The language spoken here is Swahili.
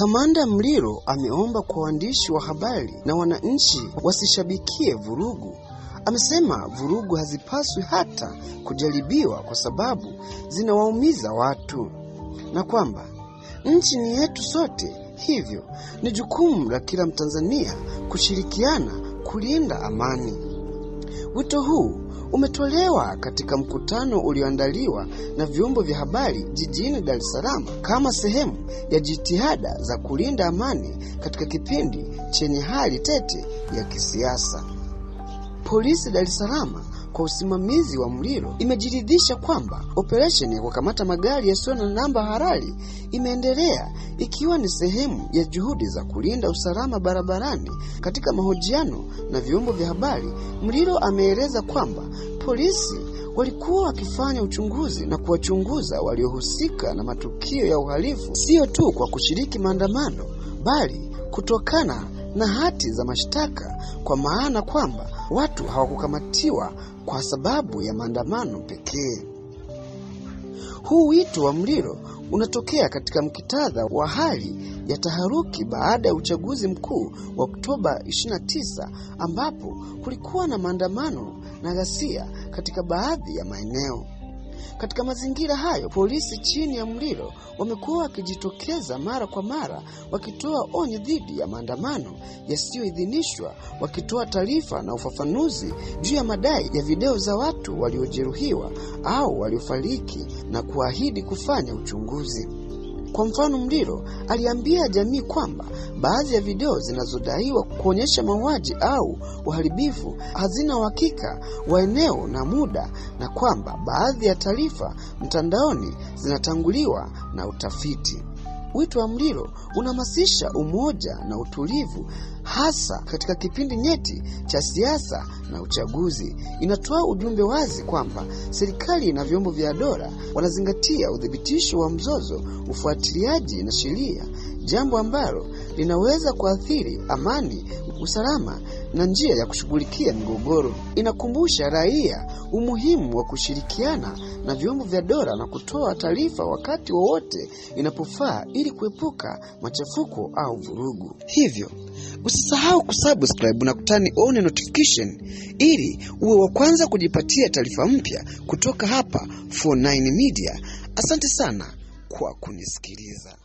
Kamanda Mlilo ameomba kwa waandishi wa habari na wananchi wasishabikie vurugu. Amesema vurugu hazipaswi hata kujaribiwa kwa sababu zinawaumiza watu na kwamba nchi ni yetu sote, hivyo ni jukumu la kila Mtanzania kushirikiana kulinda amani. Wito huu umetolewa katika mkutano ulioandaliwa na vyombo vya habari jijini Dar es Salaam kama sehemu ya jitihada za kulinda amani katika kipindi chenye hali tete ya kisiasa. Polisi Dar es Salaam kwa usimamizi wa mlilo imejiridhisha kwamba operesheni ya kukamata magari yasiyo na namba halali imeendelea ikiwa ni sehemu ya juhudi za kulinda usalama barabarani. Katika mahojiano na vyombo vya habari, Mlilo ameeleza kwamba polisi walikuwa wakifanya uchunguzi na kuwachunguza waliohusika na matukio ya uhalifu, sio tu kwa kushiriki maandamano, bali kutokana na hati za mashtaka, kwa maana kwamba watu hawakukamatiwa kwa sababu ya maandamano pekee. Huu wito wa Mliro unatokea katika mkitadha wa hali ya taharuki baada ya uchaguzi mkuu wa Oktoba 29 ambapo kulikuwa na maandamano na ghasia katika baadhi ya maeneo. Katika mazingira hayo, polisi chini ya mlilo wamekuwa wakijitokeza mara kwa mara wakitoa onyo dhidi ya maandamano yasiyoidhinishwa, wakitoa taarifa na ufafanuzi juu ya madai ya video za watu waliojeruhiwa au waliofariki na kuahidi kufanya uchunguzi. Kwa mfano, Mdiro aliambia jamii kwamba baadhi ya video zinazodaiwa kuonyesha mauaji au uharibifu hazina uhakika wa eneo na muda, na kwamba baadhi ya taarifa mtandaoni zinatanguliwa na utafiti. Wito wa Mdiro unahamasisha umoja na utulivu hasa katika kipindi nyeti cha siasa na uchaguzi. Inatoa ujumbe wazi kwamba serikali na vyombo vya dola wanazingatia udhibitisho wa mzozo, ufuatiliaji na sheria, jambo ambalo linaweza kuathiri amani, usalama na njia ya kushughulikia migogoro. Inakumbusha raia umuhimu wa kushirikiana na vyombo vya dola na kutoa taarifa wakati wowote inapofaa ili kuepuka machafuko au vurugu. Hivyo Usisahau kusubscribe na kutani on notification ili uwe wa kwanza kujipatia taarifa mpya kutoka hapa 49 Media. Asante sana kwa kunisikiliza.